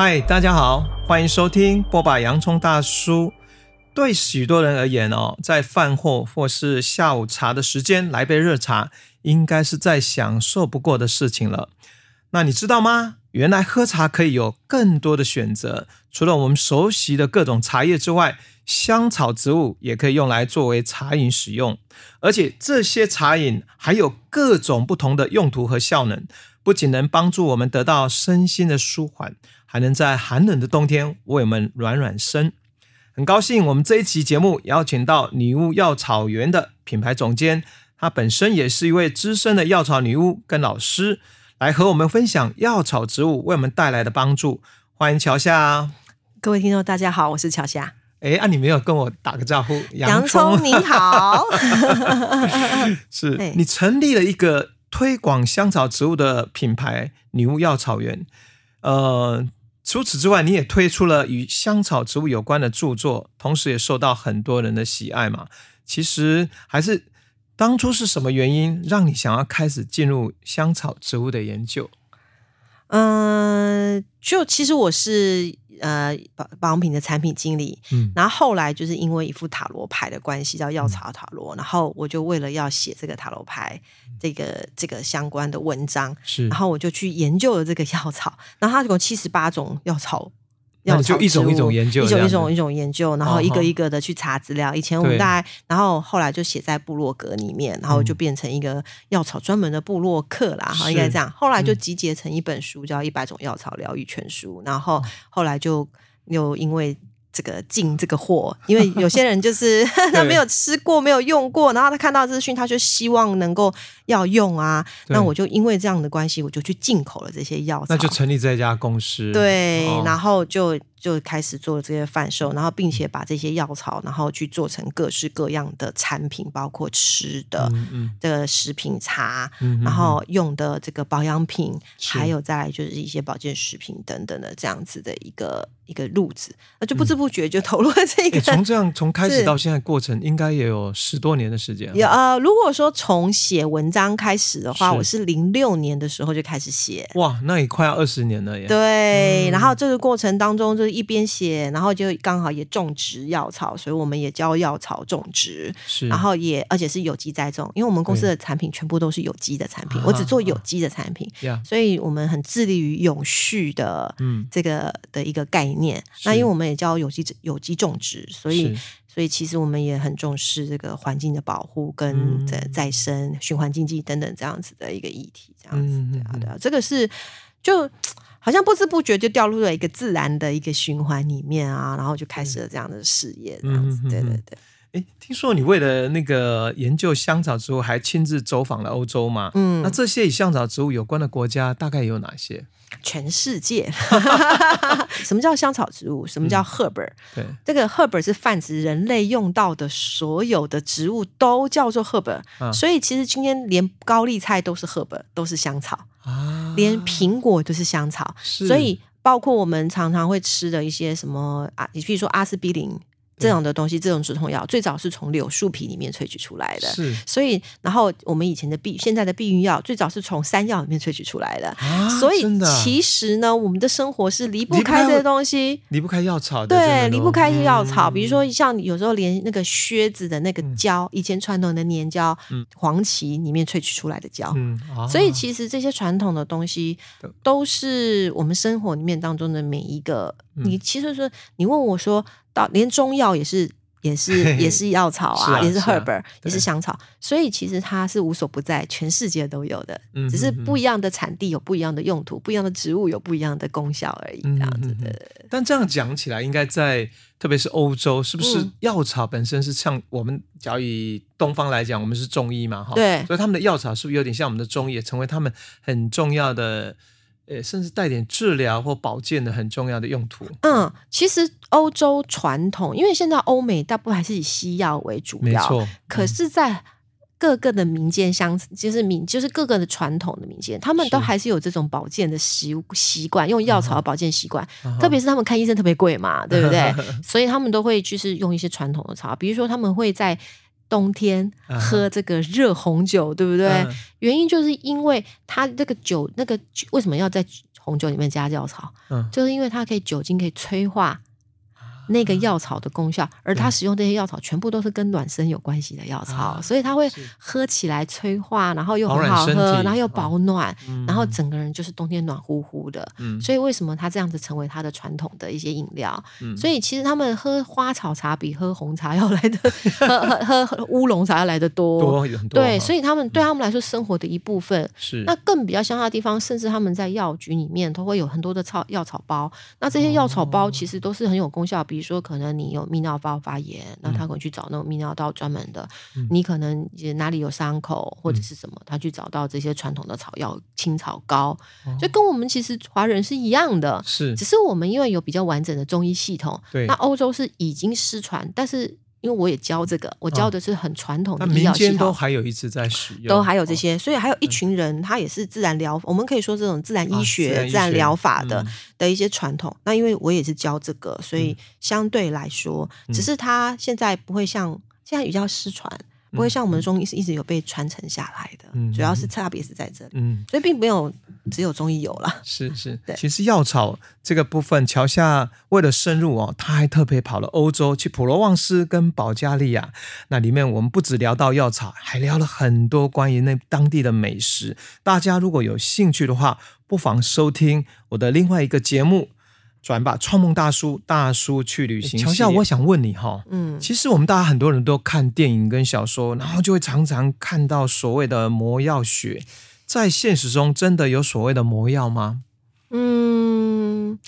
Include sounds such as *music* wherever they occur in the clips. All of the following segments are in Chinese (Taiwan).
嗨，大家好，歡迎收聽剝吧！洋蔥大叔。對許多人而言哦，在飯後或是下午茶的時間來杯熱茶，應該是再享受不過的事情了。那你知道嗎？原來喝茶可以有更多的選擇，除了我們熟悉的各種茶葉之外，香草植物也可以用來作為茶飲使用。而且這些茶飲還有各種不同的用途和效能，不僅能幫助我們得到身心的舒緩。還能在寒冷的冬天為我們暖暖身。很高興我們這一期節目邀請到女巫藥草園的品牌總監，她本身也是一位資深的藥草女巫跟老師，來和我們分享藥草植物為我們帶來的幫助。歡迎喬夏，各位聽眾大家好，我是喬夏。哎，啊，你沒有跟我打個招呼？洋蔥，洋蔥你好， *laughs* 是你成立了一個推廣香草植物的品牌“女巫藥草園”，呃。除此之外，你也推出了與香草植物有關的著作，同時也受到很多人的喜愛嘛。其實還是當初是什麼原因讓你想要開始進入香草植物的研究？嗯、呃，就其實我是。呃，保養品的產品經理，嗯，然後後來就是因為一副塔羅牌的關係，叫藥草塔羅，嗯，然後我就為了要寫這個塔羅牌，這個這個相關的文章，是，然後我就去研究了這個藥草，然後它有七十八種藥草。草就一種一種研究，一種一種一種研究，然後一個一個的去查資料，哦。以前我們大概，然後後來就寫在部落格裡面，然後就變成一個藥草專門的部落客啦，嗯、好，應該這樣。後來就集結成一本書，嗯、叫《一百種藥草療癒全書》，然後後來就又因為。這個進這個貨，因為有些人就是 *laughs* 對 *laughs* 他沒有吃過、沒有用過，然後他看到資訊，他就希望能夠要用啊。那我就因為這樣的關係，我就去進口了這些藥，那就成立這家公司。對，哦、然後就。就開始做了這些販售，然後並且把這些藥草，然後去做成各式各樣的產品，包括吃的、的食品茶，嗯嗯嗯，然後用的這個保養品，還有再來就是一些保健食品等等的這樣子的一個一個路子，那就不知不覺就投入了這個。從、嗯欸、這樣從開始到現在的過程，應該也有十多年的時間。呃，如果說從寫文章開始的話，是我是零六年的時候就開始寫。哇，那也快要二十年了耶。對、嗯，然後這個過程當中就是。一邊寫，然後就剛好也種植藥草，所以我們也教藥草種植。是，然後也而且是有機栽種，因為我們公司的產品全部都是有機的產品，哎，我只做有機的產品，啊，所以我們很致力於永續的嗯這個的一個概念。嗯、那因為我們也教有機有機種植，所以所以其實我們也很重視這個環境的保護跟再再生、循環經濟等等這樣子的一個議題，這樣子、嗯、對啊，對啊，這個是就。好像不知不覺就掉入了一個自然的一個循環裡面啊，然後就開始了這樣的事業，這樣子、嗯，對對對。哎、嗯嗯嗯，聽說你為了那個研究香草植物，還親自走訪了歐洲嗎？嗯，那這些與香草植物有關的國家大概有哪些？全世界。 *laughs* *laughs* *laughs* 什麼叫香草植物？什麼叫 herb、嗯？對，這個 herb 是泛指人類用到的所有的植物都叫做 herb、啊。所以其實今天連高麗菜都是 herb，都是香草啊。連蘋果都是香草，啊是，所以包括我們常常會吃的一些什麼啊，你比如說阿司匹林。這種的東西，這種止痛藥最早是從柳樹皮裡面萃取出來的，是。所以，然後我們以前的避，現在的避孕藥最早是從山藥裡面萃取出來的、啊、所以，其實呢，我們的生活是離不開這些東西，離不開藥草的，對，離不開藥草、嗯。比如說，像有時候連那個靴子的那個膠，嗯、以前傳統的粘膠，嗯，黃芪裡面萃取出來的膠，嗯。啊、所以，其實這些傳統的東西，都是我們生活裡面當中的每一個。嗯、你其實說，你問我說。連中藥也是，也是，嘿嘿也是藥草啊，是啊，也是 herbal，、啊、也是香草，所以其實它是無所不在，全世界都有的、嗯哼哼，只是不一樣的產地有不一樣的用途，不一樣的植物有不一樣的功效而已，這樣子的。嗯、哼哼，但這樣講起來應該，應該在特別是歐洲，是不是藥草本身是像我們假如以東方來講，我們是中醫嘛，哈，對，所以他們的藥草是不是有點像我們的中醫，也成為他們很重要的？誒，甚至帶點治療或保健的很重要的用途。嗯，其實歐洲傳統，因為現在歐美大部分還是以西藥為主要，沒錯、嗯。可是，在各個的民間鄉，就是民，就是各個的傳統的民間，他們都還是有這種保健的習習慣，用藥草保健習慣、嗯嗯。特別是他們看醫生特別貴嘛，對不對、嗯？所以他們都會就是用一些傳統的草，比如說他們會在。冬天喝這個熱紅酒、嗯，對不對？原因就是因為它這個酒，那個酒為什麼要在紅酒裡面加藥草？就是因為它可以酒精可以催化。那個藥草的功效，啊、而他使用這些藥草全部都是跟暖身有關係的藥草、啊，所以他會喝起來催化，然後又很好喝，然後又保暖、哦，然後整個人就是冬天暖乎乎的。嗯、所以為什麼他這樣子成為他的傳統的一些飲料、嗯？所以其實他們喝花草茶比喝紅茶要來得、嗯、喝喝喝烏龍茶要來得多,多,多，對，所以他們對他們來說生活的一部分。是那更比較像的地方，甚至他們在藥局裡面都會有很多的草藥草包。哦、那這些藥草包其實都是很有功效，比比如說，可能你有泌尿道發炎，那他會去找那種泌尿道專門的、嗯。你可能哪裡有傷口、嗯、或者是什麼，他去找到這些傳統的草藥青草膏，就、哦、跟我們其實華人是一樣的，是、只是我們因為有比較完整的中醫系統，對、那歐洲是已經失傳，但是。因為我也教這個，我教的是很傳統的醫療系統，哦、民間都還有一直在使用，都還有這些，哦、所以還有一群人，嗯、他也是自然療，我們可以說這種自然醫學、啊、自然療法的、嗯、的一些傳統。那因為我也是教這個，所以相對來說，嗯、只是他現在不會像現在比較失傳。不會像我們中醫是一直有被傳承下來的、嗯，主要是差別是在這裡，嗯、所以並沒有只有中醫有了。是是，對。其實藥草這個部分，喬夏為了深入哦，他還特別跑了歐洲，去普羅旺斯跟保加利亞。那裡面我們不只聊到藥草，還聊了很多關於那當地的美食。大家如果有興趣的話，不妨收聽我的另外一個節目。轉吧，創夢大叔，大叔去旅行。欸，喬夏，我想問你哈，嗯，其實我們大家很多人都看電影跟小說，然後就會常常看到所謂的魔藥學，在現實中真的有所謂的魔藥嗎？嗯，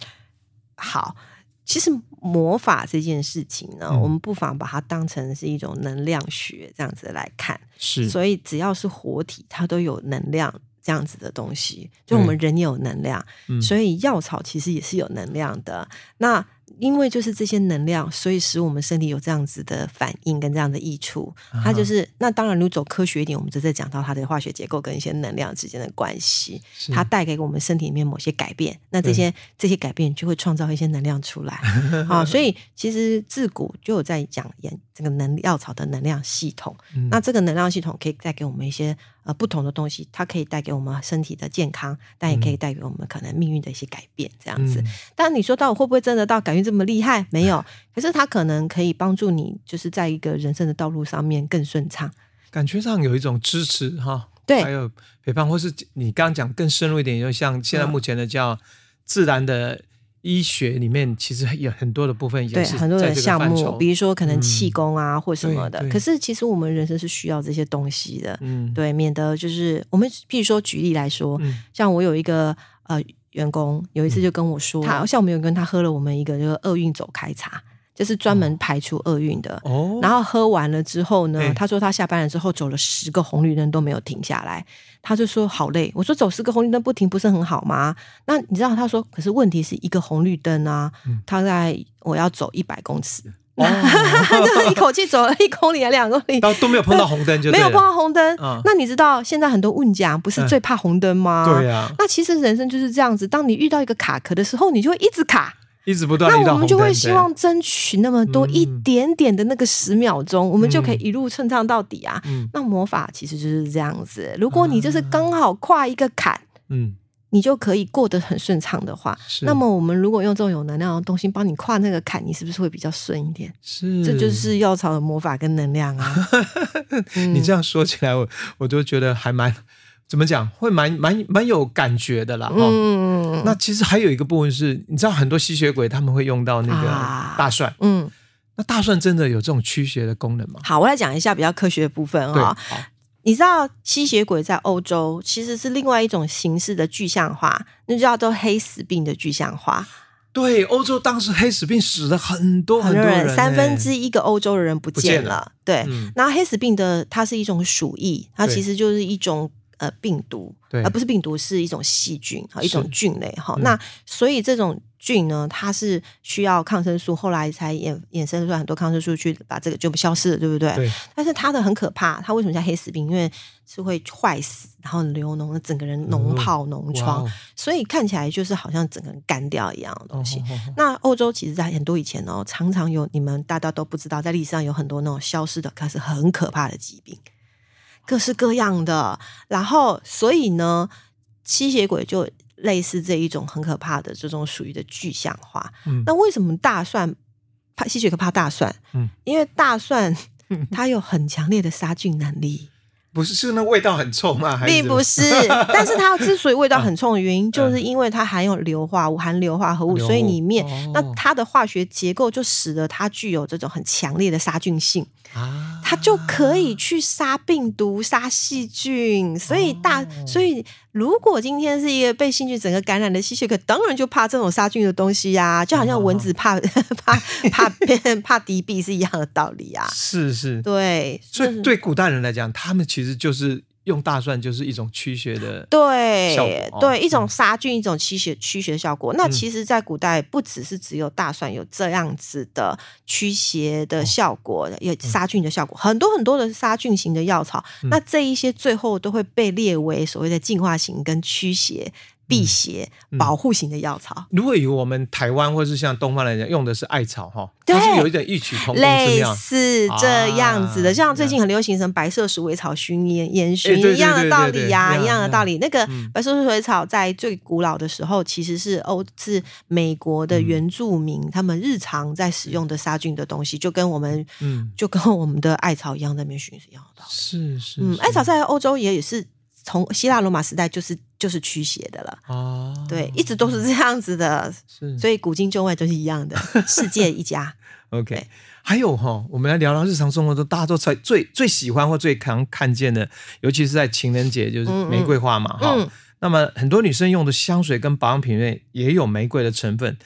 好，其實魔法這件事情呢、嗯，我們不妨把它當成是一種能量學這樣子來看。是，所以只要是活體，它都有能量。這樣子的東西，就我們人也有能量，嗯、所以藥草其實也是有能量的、嗯。那因為就是這些能量，所以使我們身體有這樣子的反應跟這樣的益處。它就是、啊、那當然，如果走科學一點，我們就在講到它的化學結構跟一些能量之間的關係，它帶給我們身體裡面某些改變。那這些這些改變就會創造一些能量出來、 *laughs* 哦、所以其實自古就有在講研這個能藥草的能量系統、嗯。那這個能量系統可以帶給我們一些。呃，不同的東西，它可以帶給我們身體的健康，但也可以帶給我們可能命運的一些改變，嗯，這樣子。當然，你說到會不會真的到感覺這麼厲害？沒有，可是它可能可以幫助你，就是在一個人生的道路上面更順暢，感覺上有一種支持哈。對，還有陪伴，或是你剛剛講更深入一點，就像現在目前的叫自然的。醫學裡面其實有很多的部分，也對，對很多的項目，比如說可能氣功啊、嗯、或什麼的。可是其實我們人生是需要這些東西的，嗯，對，免得就是我們，譬如說舉例來說，嗯、像我有一個呃員工，有一次就跟我說，嗯、他像我們有跟他喝了我們一個就是厄運走開茶。就是專門排除厄運的，嗯、然後喝完了之後呢，欸、他說他下班了之後走了十個紅綠燈都沒有停下來，欸、他就說好累。我說走十個紅綠燈不停不是很好嗎？那你知道他說，可是問題是一個紅綠燈啊，嗯、他在我要走一百公尺，那、哦 *laughs* 哦、 *laughs* 一口氣走了一公里還兩公里，都都沒有碰到紅燈，就沒有碰到紅燈。嗯、那你知道現在很多運將不是最怕紅燈嗎？欸、對呀、啊。那其實人生就是這樣子，當你遇到一個卡殼的時候，你就會一直卡。那我們就會希望爭取那麼多、嗯、一點點的那個十秒鐘，我們就可以一路順暢到底啊、嗯。那魔法其實就是這樣子，如果你就是剛好跨一個坎，嗯，你就可以過得很順暢的話，那麼我們如果用這種有能量的東西幫你跨那個坎，你是不是會比較順一點？是，這就是藥草的魔法跟能量啊。 *laughs* 你這樣說起來我，我我都覺得還蠻。怎麼講會蠻蠻蠻有感覺的啦，嗯嗯、哦、那其實還有一個部分是你知道很多吸血鬼他們會用到那個大蒜，啊、嗯，那大蒜真的有這種驅邪的功能嗎？好，我來講一下比較科學的部分哈、哦。你知道吸血鬼在歐洲其實是另外一種形式的具象化，那叫做黑死病的具象化。對，歐洲當時黑死病死了很多很多人、欸很，三分之一個歐洲的人不見了。不見了對，那、嗯、黑死病的它是一種鼠疫，它其實就是一種。呃，病毒，而不是病毒，是一種細菌，一種菌類哈、嗯。那所以這種菌呢，它是需要抗生素，後來才衍衍生出來很多抗生素去把這個就不消失了，對不對,對？但是它的很可怕，它為什麼叫黑死病？因為是會壞死，然後流膿，整個人膿泡膿、膿、嗯、瘡、哦，所以看起來就是好像整個人乾掉一樣的東西。哦哦哦那歐洲其實在很多以前呢、哦，常常有你們大家都不知道，在歷史上有很多那種消失的，可是很可怕的疾病。各式各樣的，然後所以呢，吸血鬼就類似這一種很可怕的這種屬於的具象化。嗯。那為什麼大蒜怕吸血鬼怕大蒜？嗯，因為大蒜它有很強烈的殺菌能力。 *laughs* 不是，是那味道很臭嗎？還是？並不是，但是它之所以味道很臭的原因，就是因為它含有硫化物、含硫化合物，所以裡面，那它的化學結構就使得它具有這種很強烈的殺菌性，它就可以去殺病毒、殺細菌，所以大，所以。如果今天是一個被細菌整個感染的吸血鬼，可當然就怕這種殺菌的東西呀，啊，就好像蚊子怕 *laughs* 怕怕怕敵避 *laughs* 是一樣的道理啊。是是，對。所以對古代人來講， *laughs* 他們其實就是。用大蒜就是一種驅邪的，對、哦、對，一種殺菌、一種驅邪驅邪的效果。那其實，在古代不只是只有大蒜、嗯、有這樣子的驅邪的效果，哦、有殺菌的效果、嗯，很多很多的殺菌型的藥草、嗯。那這一些最後都會被列為所謂的淨化型跟驅邪。辟邪保護型的藥草、嗯，如果有我們台灣或是像東方的人用的是艾草哈，就是有一點異曲同工，類似這樣子的。啊、像最近很流行成白色鼠尾草熏煙，煙熏一樣的道理呀，一樣的道理、啊。道理那個白色鼠尾草在最古老的時候，其實是歐、嗯、是美國的原住民，他們日常在使用的殺菌的東西，嗯、就跟我們嗯，就跟我們的艾草一樣在那熏是一樣的是、是，是，嗯，艾草在歐洲也也是。從希臘羅馬時代就是就是驅邪的了啊，對，一直都是這樣子的，是，所以古今中外都是一樣的， *laughs* 世界一家。OK，還有哈，我們來聊聊日常生活中大家都最最喜歡或最常看見的，尤其是在情人節就是玫瑰花嘛，嗯，嗯，那麼很多女生用的香水跟保養品類也有玫瑰的成分，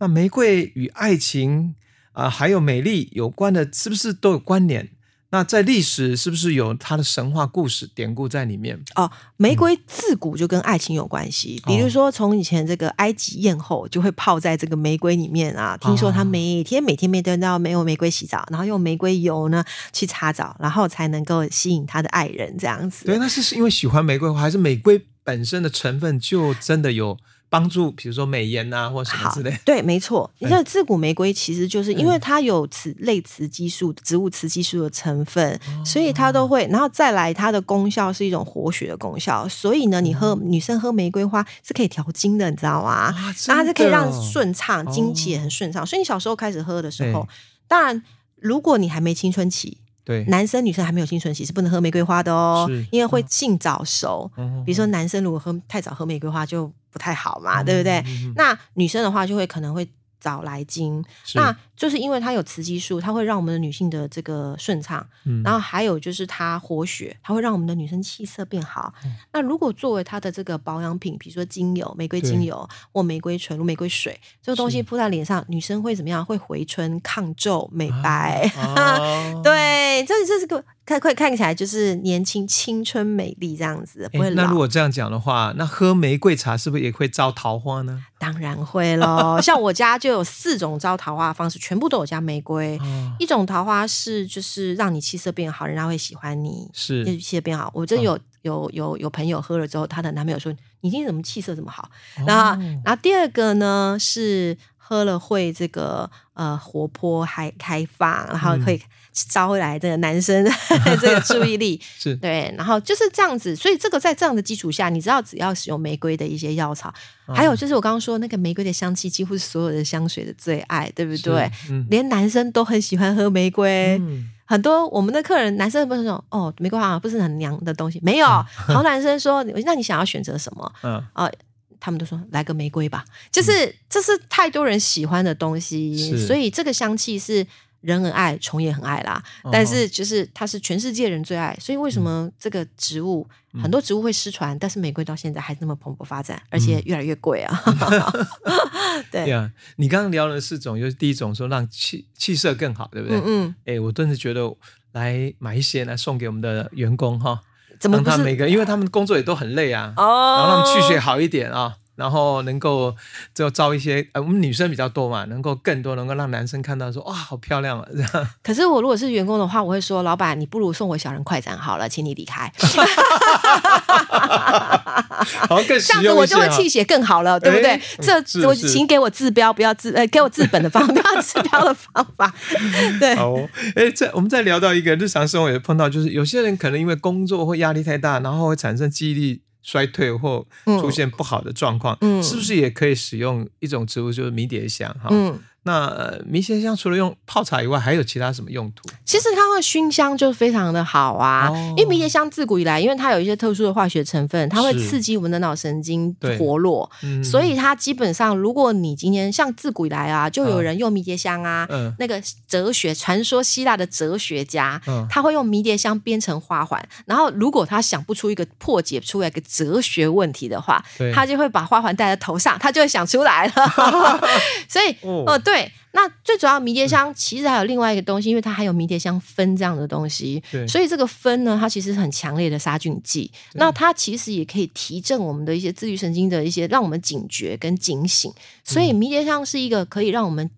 那玫瑰與愛情啊，呃，還有美麗有關的，是不是都有關聯？那在歷史是不是有它的神話故事典故在裡面？哦，玫瑰自古就跟愛情有關係，嗯。比如說，從以前這個埃及艷後就會泡在這個玫瑰裡面啊。聽說她每天、哦、每天每天都要用玫瑰洗澡，然後用玫瑰油呢去擦澡，然後才能夠吸引她的愛人這樣子。對，那是因為喜歡玫瑰花，還是玫瑰本身的成分就真的有？幫助，比如說美顏啊，或什麼之類。對，沒錯。你知道，自古玫瑰其實就是因為它有此類雌激素、植物雌激素的成分、嗯，所以它都會，然後再來它的功效是一種活血的功效。所以呢，你喝、嗯、女生喝玫瑰花是可以調經的，你知道嗎？啊，那、哦、是可以讓順暢，經期也很順暢、哦。所以你小時候開始喝的時候，欸、當然，如果你還沒青春期。對，男生女生還沒有青春期是不能喝玫瑰花的哦，因為會性早熟，嗯。比如說男生如果喝太早喝玫瑰花就不太好嘛，嗯，對不對？嗯？那女生的話就會可能會早來經。那就是因為它有雌激素，它會讓我們的女性的這個順暢，嗯。然後還有就是它活血，它會讓我們的女生氣色變好。嗯、那如果作為它的這個保養品，比如說精油、玫瑰精油或玫瑰純露、玫瑰水，這個東西敷在臉上，女生會怎麼樣？會回春、抗皺、美白。啊 *laughs* 啊、 *laughs* 對，這這、就是個看，會看起來就是年輕、青春、美麗這樣子、不會老。欸，那如果這樣講的話，那喝玫瑰茶是不是也會招桃花呢？當然會嘍。 *laughs* 像我家就有四種招桃花的方式。全部都有加玫瑰、哦，一種桃花是就是讓你氣色變好，人家會喜歡你，是氣色變好。我這有、哦、有有有朋友喝了之後，她的男朋友說：“你今天怎麼氣色這麼好？”哦、然後然後第二個呢是喝了會這個呃活潑還開放，然後可以。嗯招來的男生 *laughs* 這個注意力 *laughs* 是對，然後就是這樣子，所以這個在這樣的基礎下，你知道，只要使用玫瑰的一些藥草、嗯，還有就是我剛剛說那個玫瑰的香氣，幾乎是所有的香水的最愛，對不對？嗯、連男生都很喜歡喝玫瑰，嗯、很多我們的客人男生不是說哦玫瑰花不是很娘的東西，沒有，然後男生說、嗯、那你想要選擇什麼？啊、嗯，他們都說來個玫瑰吧，就是、嗯、這是太多人喜歡的東西，所以這個香氣是。人很愛，蟲也很愛啦。但是就是它是全世界人最愛、嗯，所以為什麼這個植物、嗯、很多植物會失傳，但是玫瑰到現在還是那麼蓬勃發展，嗯、而且越來越貴啊？嗯、呵呵呵呵對呀，Yeah, 你剛剛聊了四種，就是第一種說讓氣氣色更好，對不對？嗯，嗯。哎、欸，我頓時覺得來買一些來送給我們的員工哈，讓他每個，因為他們工作也都很累啊，哦、然後他們氣血好一點啊。然後能夠就招一些，呃，我們女生比較多嘛，能夠更多能夠讓男生看到說，哇，好漂亮啊，是吧！可是我如果是員工的話，我會說，老闆，你不如送我小人快斬好了，請你離開。 *laughs* *laughs* 好，這樣子我就會氣血更好了，欸、對不對？這、嗯、我請給我治標，不要治，呃，給我治本的方法，不要治標的方法。 *laughs* 對，好、哦欸，我們再聊到一個日常生活也碰到，就是有些人可能因為工作或壓力太大，然後會產生記憶力衰退或出現不好的狀況，嗯，是不是也可以使用一種植物，就是迷迭香？哈。嗯那迷迭香除了用泡茶以外，還有其他什麼用途？其實它的熏香就非常的好啊、哦，因為迷迭香自古以來，因為它有一些特殊的化學成分，它會刺激我們的腦神經活絡。嗯、所以它基本上，如果你今天像自古以來啊，就有人用迷迭香啊，嗯、那個哲學傳說，希臘的哲學家、嗯、他會用迷迭香編成花環，然後如果他想不出一個破解出來一個哲學問題的話，他就會把花環戴在頭上，他就會想出來了。 *laughs* 所以哦，對。對，那最主要迷迭香其實還有另外一個東西，嗯、因為它還有迷迭香酚這樣的東西，對，所以這個酚呢，它其實是很強烈的殺菌劑。那它其實也可以提振我們的一些自律神經的一些，讓我們警覺跟警醒。所以迷迭香是一個可以讓我們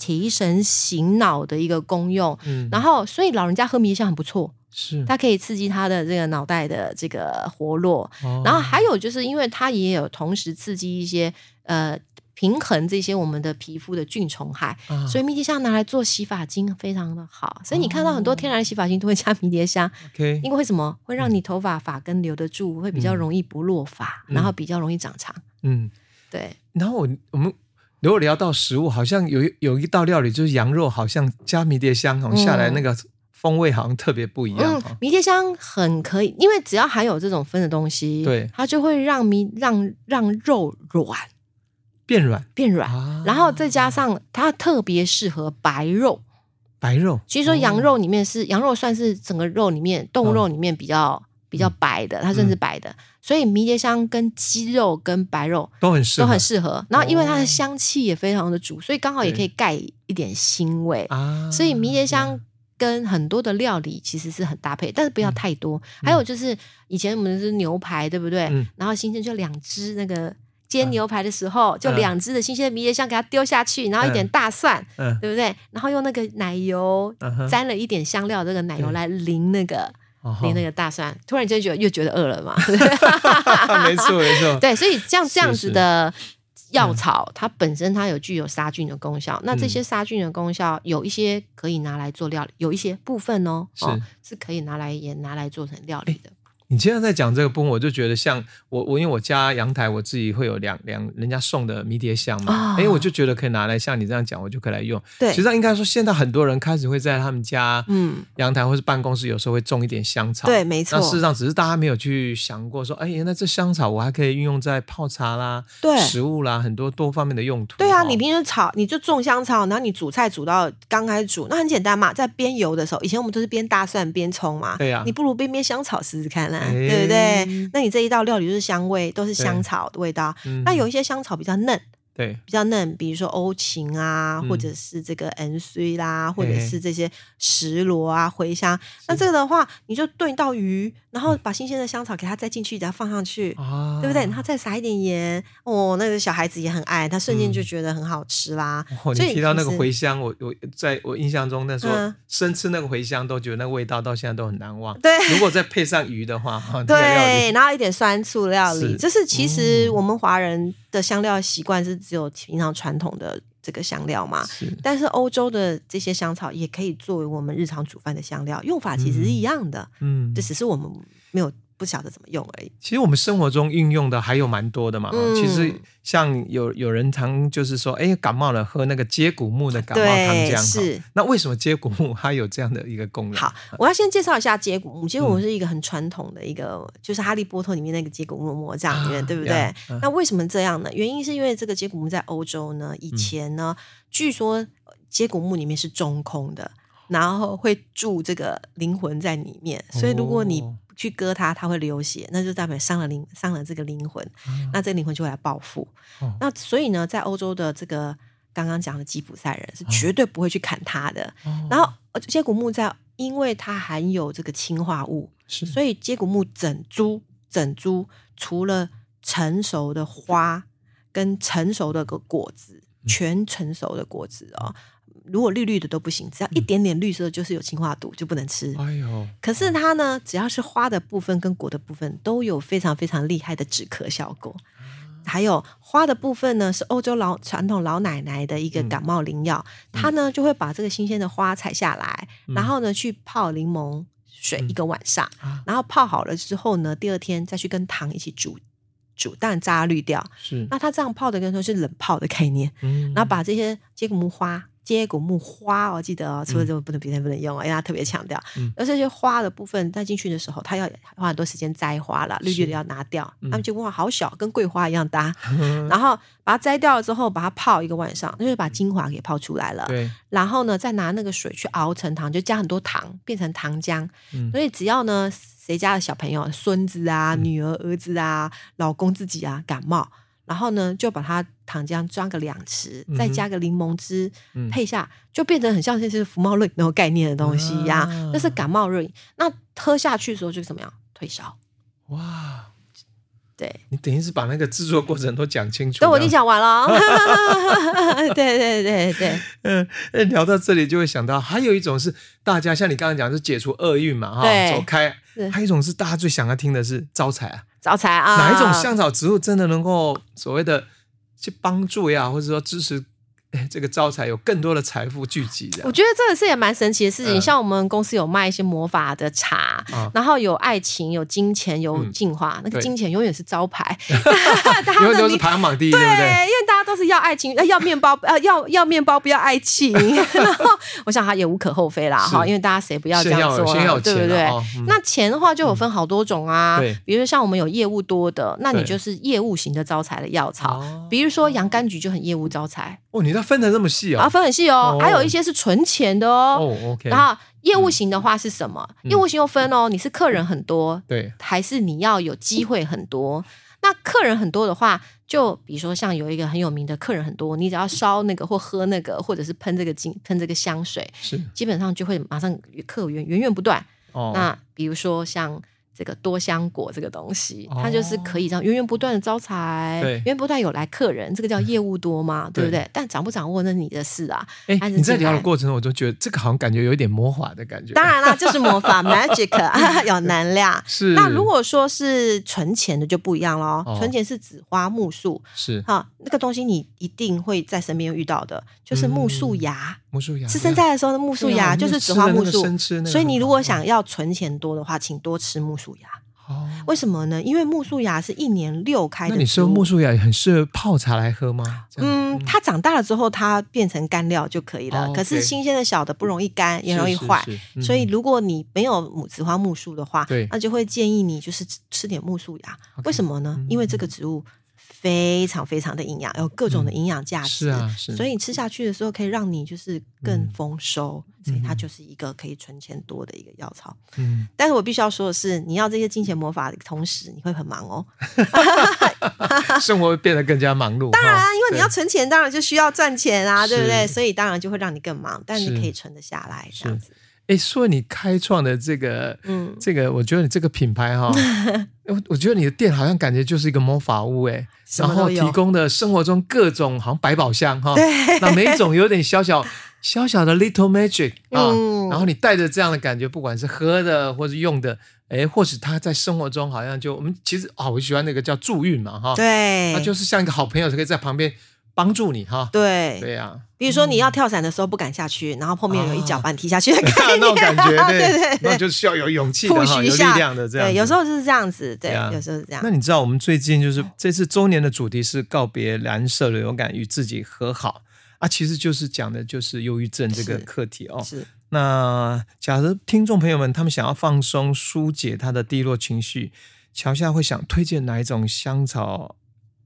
提神醒腦的一個功用。嗯，然後所以老人家喝迷迭香很不錯，是它可以刺激他的這個腦袋的這個活絡、哦。然後還有就是因為它也有同時刺激一些呃。平衡這些我們的皮膚的菌蟲害，啊，所以迷迭香拿來做洗髮精非常的好，哦。所以你看到很多天然的洗髮精都會加迷迭香，okay, 因為為什麼會讓你頭髮髮根留得住，嗯，會比較容易不落髮，嗯，然後比較容易長長。嗯，對。然後我我們如果聊到食物，好像有一有一道料理就是羊肉，好像加迷迭香，嗯，下來那個風味好像特別不一樣。嗯哦嗯，迷迭香很可以，因為只要含有這種分的東西，對，它就會讓迷讓讓肉軟。變軟，變軟、啊，然後再加上它特別適合白肉，白肉。其實說羊肉裡面是、嗯、羊肉，算是整個肉裡面凍肉裡面比較、嗯、比較白的，它算是白的。嗯、所以迷迭香跟雞肉跟白肉都很適都很適合。然後因為它的香氣也非常的足，哦、所以剛好也可以蓋一點腥味。所以迷迭香跟很多的料理其實是很搭配，嗯、但是不要太多、嗯。還有就是以前我們是牛排，對不對？嗯、然後新鮮就兩隻那個。煎牛排的時候，就兩支的新鮮的迷迭香給它丟下去，然後一點大蒜、嗯嗯，對不對？然後用那個奶油沾了一點香料，這個奶油來淋那個、嗯、淋那個大蒜，突然間覺得又覺得餓了嘛。 *laughs* 沒錯沒錯，對，所以像這樣這樣子的藥草，是是它本身它有具有殺菌的功效。嗯、那這些殺菌的功效，有一些可以拿來做料理，有一些部分哦，是哦是可以拿來也拿來做成料理的。你現在在講這個部分，我就覺得像我我因為我家陽台我自己會有兩兩人家送的迷迭香嘛，哎、哦欸、我就覺得可以拿來像你這樣講，我就可以來用。對，其實際上應該說現在很多人開始會在他們家嗯陽台或是辦公室有時候會種一點香草。嗯、對，沒錯。那事實上只是大家沒有去想過說，哎、欸、呀那這香草我還可以運用在泡茶啦，對，食物啦很多多方面的用途。對啊，哦、你平時炒你就種香草，然後你煮菜煮到剛開始煮，那很簡單嘛，在邊油的時候，以前我們都是邊大蒜邊蔥嘛。對啊。你不如邊邊香草試試看。對不對、欸，那你這一道料理就是香味都是香草的味道。那有一些香草比較嫩，對，比較嫩，比如說歐芹啊，或者是這個 N C 啦，或者是這些蒔蘿啊、茴香、欸。那這個的話，你就燉到魚。然後把新鮮的香草給它再進去，給它放上去，啊，對不對？然後再撒一點鹽。哦，那個小孩子也很愛，他瞬間就覺得很好吃啦。嗯哦、你提到那個茴香，我我在我印象中那時候，嗯、生吃那個茴香都覺得那個味道到現在都很難忘。對，如果再配上魚的話，哈，啊，對。然後一點酸醋料理，這是其實我們華人的香料習慣是只有平常傳統的。這個香料嘛，是，但是歐洲的這些香草也可以作為我們日常煮飯的香料，用法其實是一樣的，嗯，這，嗯，只是我們沒有。不曉得怎麼用而已。其實我們生活中運用的還有蠻多的嘛。嗯、其實像有有人常，常就是說，哎，感冒了喝那個接骨木的感冒湯這樣。是。那為什麼接骨木它有這樣的一個功能？好，我要先介紹一下接骨木。接骨木是一個很傳統的一個，嗯、就是哈利波特裡面那個接骨木的魔杖，啊、對不對，啊？那為什麼這樣呢？原因是因為這個接骨木在歐洲呢，以前呢，嗯、據說接骨木裡面是中空的，然後會住這個靈魂在裡面，哦、所以如果你。去割它，它會流血，那就代表傷了靈，傷了這個靈魂、嗯，那這個靈魂就會來報復、嗯。那所以呢，在歐洲的這個剛剛講的吉普賽人是絕對不會去砍它的。嗯、然後接骨木在，因為它含有這個氰化物，所以接骨木整株、整株除了成熟的花跟成熟的個果子，全成熟的果子哦。如果綠綠的都不行，只要一點點綠色的就是有氰化毒、嗯、就不能吃、哎。可是它呢，只要是花的部分跟果的部分都有非常非常厲害的止咳效果、嗯。還有花的部分呢，是歐洲老傳統老奶奶的一個感冒靈藥。它、嗯、呢就會把這個新鮮的花採下來、嗯，然後呢去泡檸檬水一個晚上、嗯啊，然後泡好了之後呢，第二天再去跟糖一起煮煮，當渣濾掉。是，那它這樣泡的跟說是冷泡的概念。嗯、然後把這些接骨木花。接骨木花，我記得除了以就不能、啊、不、嗯、能、不能用，因為他特別強調。而這些花的部分帶進去的時候，他要花很多時間摘花了，綠綠的要拿掉、嗯。他們就哇，好小，跟桂花一樣大。然後把它摘掉了之後，把它泡一個晚上，那就是把精華給泡出來了。然後呢，再拿那個水去熬成糖，就加很多糖變成糖漿、嗯。所以只要呢，誰家的小朋友、孫子啊、嗯、女兒、兒子啊、老公自己啊感冒，然後呢，就把它。糖漿裝個兩匙，再加個檸檬汁，嗯、配下就變成很像那些伏冒熱飲，然那種概念的東西呀、啊。那、啊、是感冒熱飲，那喝下去的時候就怎麼樣？退燒？哇！對你等於是把那個製作過程都講清楚。對我已經講完了。 *laughs* *laughs* 對對對對，嗯，聊到這裡就會想到，還有一種是大家像你剛剛講，是解除厄運嘛，哈，走開。還有一種是大家最想要聽的是招財啊，招財啊。哪一種香草植物真的能夠所謂的？去幫助也好，或者說支持。這個招財有更多的財富聚集這樣，這我覺得這個是也蠻神奇的事情，嗯。像我們公司有賣一些魔法的茶，啊、然後有愛情、有金錢、有進化。嗯、那個金錢永遠是招牌，因為 *laughs* 都是排行榜第一，對不對？因為大家都是要愛情，呃、要面包，呃、要要要面包，不要愛情。 *laughs* 我想他也無可厚非啦，哈，因為大家誰不要這樣做，啊要要錢啊，對不對，哦嗯？那錢的話就有分好多種啊，嗯、比如說像我們有業務多的，嗯，那你就是業務型的招財的藥草，比如說洋甘菊就很業務招財。哦，哦你那。分得那麼細、喔、啊，分很細哦、喔，oh. 還有一些是存錢的哦、喔。哦、oh,，OK。然後業務型的話是什麼？嗯、業務型又分哦、喔嗯，你是客人很多，對、嗯，還是你要有機會很多？那客人很多的話，就比如說像有一個很有名的客人很多，你只要燒那個或喝那個，或者是噴這個精噴這個香水，是基本上就會馬上客源源源不斷。哦、oh.，那比如說像。這個多香果這個東西，它就是可以讓源源不斷的招財，源、哦、源不斷有來客人，這個叫業務多嘛，對不對？對，但掌不掌握那是你的事啊。哎，你這聊的過程我就覺得這個好像感覺有一點魔法的感覺。當然啦，就是魔法 *laughs* magic 有能量。是。那如果說是存錢的就不一樣嘍，存、哦、存錢是紫花苜蓿，是、啊、那個東西你一定會在身邊遇到的，就是苜蓿芽。嗯苜蓿芽，吃生菜的時候的苜蓿芽，啊啊，就是紫花苜蓿，嗯啊。所以你如果想要存錢多的話，請多吃苜蓿芽，哦。為什麼呢？因為苜蓿芽是一年六開的。那你說苜蓿芽很適合泡茶來喝嗎？嗯，它長大了之後，它變成乾料就可以了。哦 okay，可是新鮮的小的不容易乾，嗯，也容易壞，嗯。所以如果你沒有紫花苜蓿的話，那就會建議你就是吃點苜蓿芽。Okay，為什麼呢嗯嗯？因為這個植物。非常非常的營養，有各種的營養價值、嗯，是啊，是啊，所以你吃下去的時候可以讓你就是更豐收、嗯，所以它就是一個可以存錢多的一個藥草。嗯，但是我必須要說的是，你要這些金錢魔法的同時，你會很忙哦， *laughs* *laughs* 生活會變得更加忙碌。當然、啊，因為你要存錢，當然就需要賺錢啊，對不對？所以當然就會讓你更忙，但是可以存得下來，這樣子。哎，說你開創的這個、嗯，這個，我覺得你這個品牌哈、哦， *laughs* 我覺得你的店好像感覺就是一個魔法屋，哎，然後提供的生活中各種好像百寶箱哈、哦，那 *laughs* 每一種有點小小小小的 little magic 啊、哦嗯，然後你帶着這樣的感覺，不管是喝的或者用的，哎，或是他在生活中好像就我們其實啊、哦，我喜歡那個叫助運嘛哈、哦，對，它就是像一個好朋友可以在旁邊。幫助你哈，對對呀、啊。比如說你要跳傘的時候不敢下去，嗯、然後後面有一腳把你踢下去的、啊對啊、那感覺，那感覺對對，那就是要有勇氣的、有力量的這樣。對，有時候就是這樣子，對，有時候是這樣，子、啊有時候是這樣子。那你知道我們最近就是這次週年的主題是告別藍色勇感，與自己和好啊，其實就是講的就是憂鬱症這個課題哦。是。那假如聽眾朋友們他們想要放鬆、疏解他的低落情緒，喬夏會想推薦哪一種香草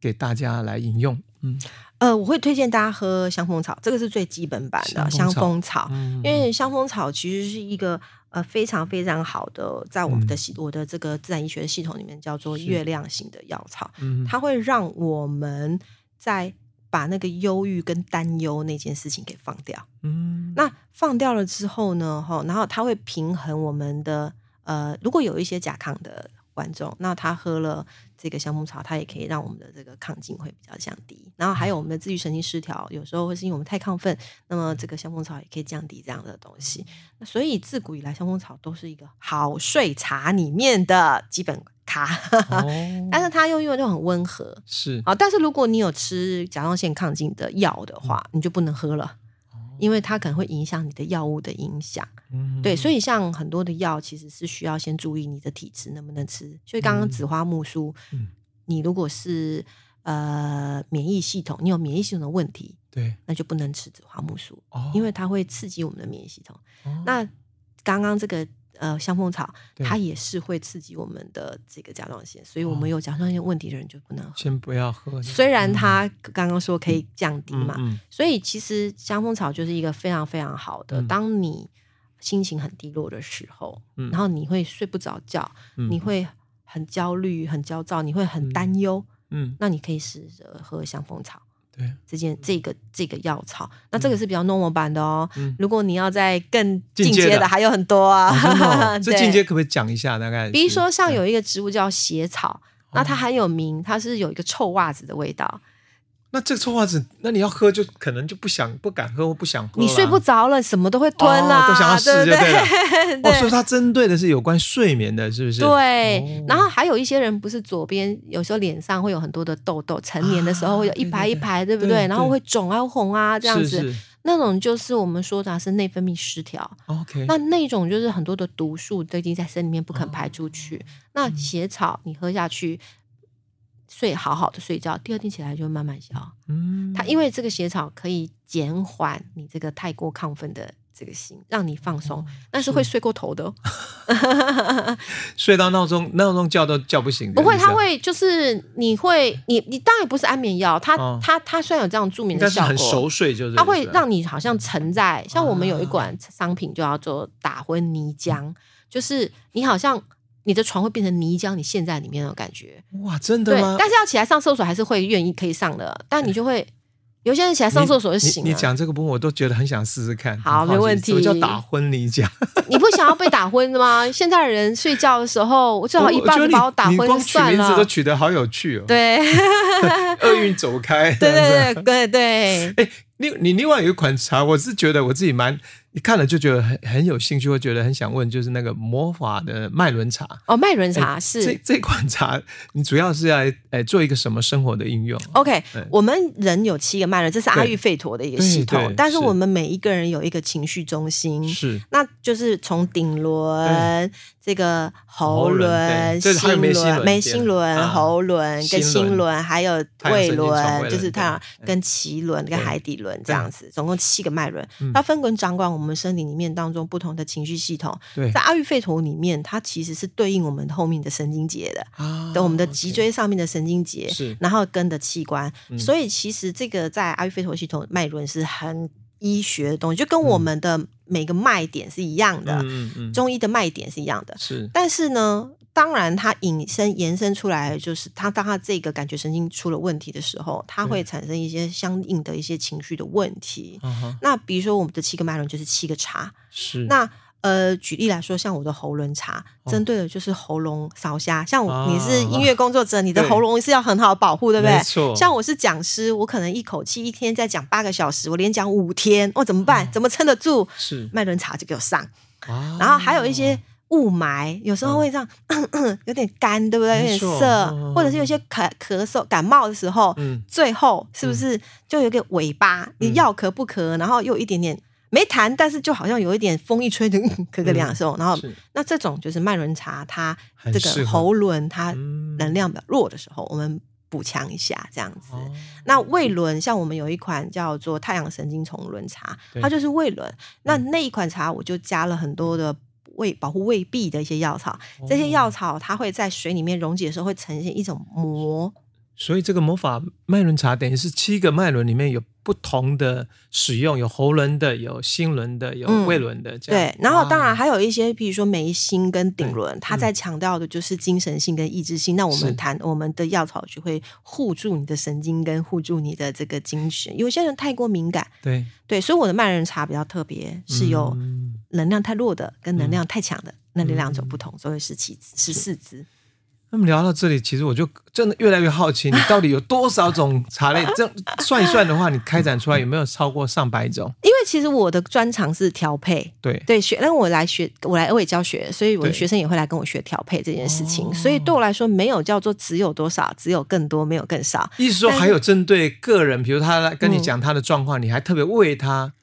給大家來飲用？嗯。呃，我會推薦大家喝香蜂草，這個是最基本版的香蜂、香蜂草。因為香蜂草其實是一個、嗯、呃非常非常好的，在我們的系、嗯、我的這個自然醫學系統裡面叫做月亮型的藥草，嗯、它會讓我們在把那個憂鬱跟擔憂那件事情給放掉。嗯，那放掉了之後呢，然後它會平衡我們的呃，如果有一些甲亢的。觀眾，那他喝了這個香蜂草，它也可以讓我們的這個亢進會比較降低。然後還有我們的自律神經失調，有時候會是因為我們太亢奮，那麼這個香蜂草也可以降低這樣的東西。那所以自古以來，香蜂草都是一個好睡茶裡面的基本咖。 *laughs* oh. 但是它又因為就很溫和，是啊。好，但是如果你有吃甲狀腺亢進的藥的話、嗯，你就不能喝了。因為它可能會影響你的藥物的影響、嗯，對，所以像很多的藥其實是需要先注意你的體質能不能吃。所以剛剛紫花苜蓿、嗯，你如果是呃免疫系統，你有免疫系統的問題，對，那就不能吃紫花苜蓿。哦，因為它會刺激我們的免疫系統。哦、那剛剛這個。呃，香蜂草它也是會刺激我們的這個甲狀腺，所以我們有甲狀腺問題的人就不能喝。先不要喝，雖然它剛剛說可以降低嘛、嗯嗯嗯，所以其實香蜂草就是一個非常非常好的。嗯、當你心情很低落的時候，嗯、然後你會睡不着覺、嗯，你會很焦慮、很焦躁，你會很擔憂，嗯，嗯嗯那你可以試着喝香蜂草。這件這個這個藥草，那這個是比較 normal 版的哦、嗯。如果你要再更進階，進階的，還有很多啊、嗯嗯嗯 *laughs* 對。這進階可不可以講一下？大概比如說，像有一個植物叫纈草，那它很有名，它是有一個臭襪子的味道。哦那這個臭襪子，那你要喝就可能就不想、不敢喝，或不想喝、啊。你睡不着了，什麼都會吞了、啊哦。都想要試，對對，對？哦，所以它針對的是有關睡眠的，是不是？對。哦、然後還有一些人不是左邊，有時候臉上會有很多的痘痘，成年的時候會有一排一排，啊、對，對，對，對不對，對，對，對？然後會腫啊、紅啊這樣子是、是，那種就是我們說的、啊，是內分泌失調、哦。OK。那那種就是很多的毒素都已經在身裡面不肯排出去。哦、那血草你喝下去。嗯睡好好的睡覺，第二天起來就會慢慢消、嗯。它因為這個纈草可以減緩你這個太過亢奮的這個心，讓你放鬆，但、嗯、是會睡過頭的、哦， *laughs* *laughs* 睡到鬧鐘鬧鐘叫都叫不醒。不會，它會就是、嗯、你會，你你當然不是安眠藥，它、哦、它它雖然有這樣著名的效果，很熟睡就是、它會讓你好像沉在。像我們有一款商品叫做打昏泥漿、嗯，就是你好像。你的床會變成泥漿，你陷在裡面那種感覺。哇，真的嗎？對，但是要起來上廁所還是會願意可以上的，但你就會有些人起來上廁所就醒了。你講這個部分，我都覺得很想試試看。好，沒問題。我叫打昏泥漿，你不想要被打昏的嗎？ *laughs* 現在人睡覺的時候，我最好一棒子把我打昏算了。你你光取名字都取得好有趣哦，喔。對， *laughs* *laughs* 厄運走開。對對對對對。哎，欸，另你，你另外有一款茶，我是覺得我自己蠻。你看了就覺得很很有興趣，會覺得很想問，就是那個魔法的脈輪茶哦，脈輪茶、欸、是這這款茶，你主要是要誒、欸、做一個什麼生活的應用？OK，、嗯、我們人有七個脈輪，這是阿育吠陀的一個系統，但是我們每一個人有一個情緒中心，是，是那就是從頂輪、嗯、這個喉輪、喉輪心輪、眉心、就是、輪，輪、嗯、喉輪跟心輪，啊、還有胃輪，就是它跟臍輪跟海底輪這樣子，總共七個脈輪張。它分工掌管。我們身體裡面當中不同的情緒系統，在阿育吠陀裡面，它其實是對應我們後面的神經節的，的、啊、我們的脊椎上面的神經節、啊 okay，然後跟的器官、嗯。所以其實這個在阿育吠陀系統脈輪是很醫學的東西，就跟我們的每個脈點是一樣的，嗯嗯，中醫的脈點是一樣的，是、嗯嗯嗯。但是呢。當然，它引申延伸出來就是，它當它這個感覺神經出了問題的時候，它會產生一些相應的一些情緒的問題。嗯、那比如說，我們的七個脈輪就是七個茶。是。那呃，舉例來說，像我的喉輪茶、哦，針對的就是喉嚨燒瞎。像我，你是音樂工作者、啊，你的喉嚨是要很好保護，對，對不對？像我是講師，我可能一口氣一天在講八個小時，我連講五天，哦，怎麼辦、嗯？怎麼撐得住？是脈輪茶就給我上。啊、然後還有一些。霧霾有時候會讓、哦、有點乾，對不對？有點澀、哦，或者是有些咳咳嗽、感冒的時候，嗯、最後是不是就有點尾巴、嗯？你要咳不咳？嗯、然後又一點點沒痰，但是就好像有一點風一吹就咳、嗯、咳兩聲。然後那這種就是慢輪茶，它這個喉輪它能量比較弱的時候，嗯、我們補強一下這樣子。哦、那胃輪像我們有一款叫做太陽神經叢輪茶，它就是胃輪。那、嗯、那一款茶我就加了很多的。胃保護胃壁的一些藥草，這些藥草它會在水裡面溶解的時候，會呈現一種膜。所以這個魔法脈輪茶等於是七個脈輪裡面有不同的使用，有喉輪的，有心輪的，有胃輪的。嗯。對，然後當然還有一些，啊、比如說眉心跟頂輪，它在強調的就是精神性跟意志性。嗯，那我們談我們的藥草就會護住你的神經跟護住你的這個精神。有些人太過敏感，對對，所以我的脈輪茶比較特別，是有能量太弱的跟能量太強的，嗯，那這兩種不同，所以是七支，十四支。嗯。那麼聊到這裡，其實我就真的越來越好奇，你到底有多少種茶類？ *laughs* 這算一算的話，你開展出來有沒有超過上百種？因為其實我的專長是調配，對對，學，那我來學，我來我也教學，所以我的學生也會來跟我學調配這件事情。所以對我來說，沒有叫做只有多少，只有更多，沒有更少。意思說，還有針對個人，比如他來跟你講他的狀況、嗯，你還特別為他，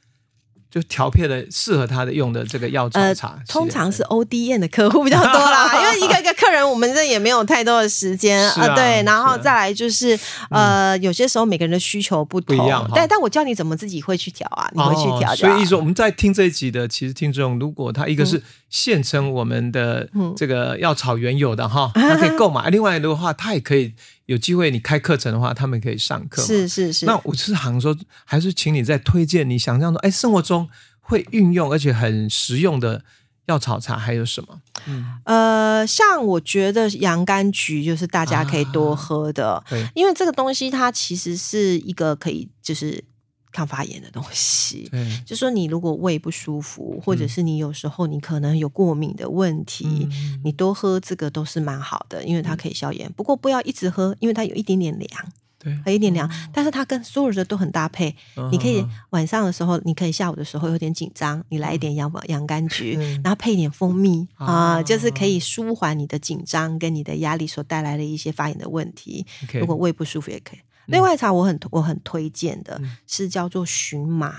就調配的適合他的用的這個藥草茶、呃，通常是 ODM 的客戶比較多啦， *laughs* 因為一個一個客人，我們這也沒有太多的時間、 *laughs* 呃，對，然後再來就是,是,、啊呃,是啊、呃，有些時候每個人的需求不同，但但我教你怎麼自己會去調啊，你會去調、哦、所以意思說，我們在聽這一集的，其實聽眾如果他一個是現成我們的這個藥草園有的哈、嗯嗯，他可以購買；另外的話，他也可以。有機會你開課程的話，他們可以上課。是，是，是。那我就是想說，還是請你再推薦你想象中，哎、欸，生活中會運用而且很實用的藥草茶還有什麼？嗯，呃，像我覺得洋甘菊就是大家可以多喝的。啊，因為這個東西它其實是一個可以就是。抗發炎的東西，就是、說你如果胃不舒服、嗯，或者是你有時候你可能有過敏的問題、嗯，你多喝這個都是蠻好的，因為它可以消炎、嗯。不過不要一直喝，因為它有一點點涼，對，有一點涼。哦、但是它跟所有的都很搭配、哦，你可以晚上的時候、哦，你可以下午的時候有點緊張，哦、你來一點洋洋甘菊，然後配一點蜂蜜、嗯、啊，就是可以舒緩你的緊張、啊、跟你的壓力所帶來的一些發炎的問題。Okay、如果胃不舒服也可以。另外茶我很我很推薦的、嗯、是叫做蕁麻，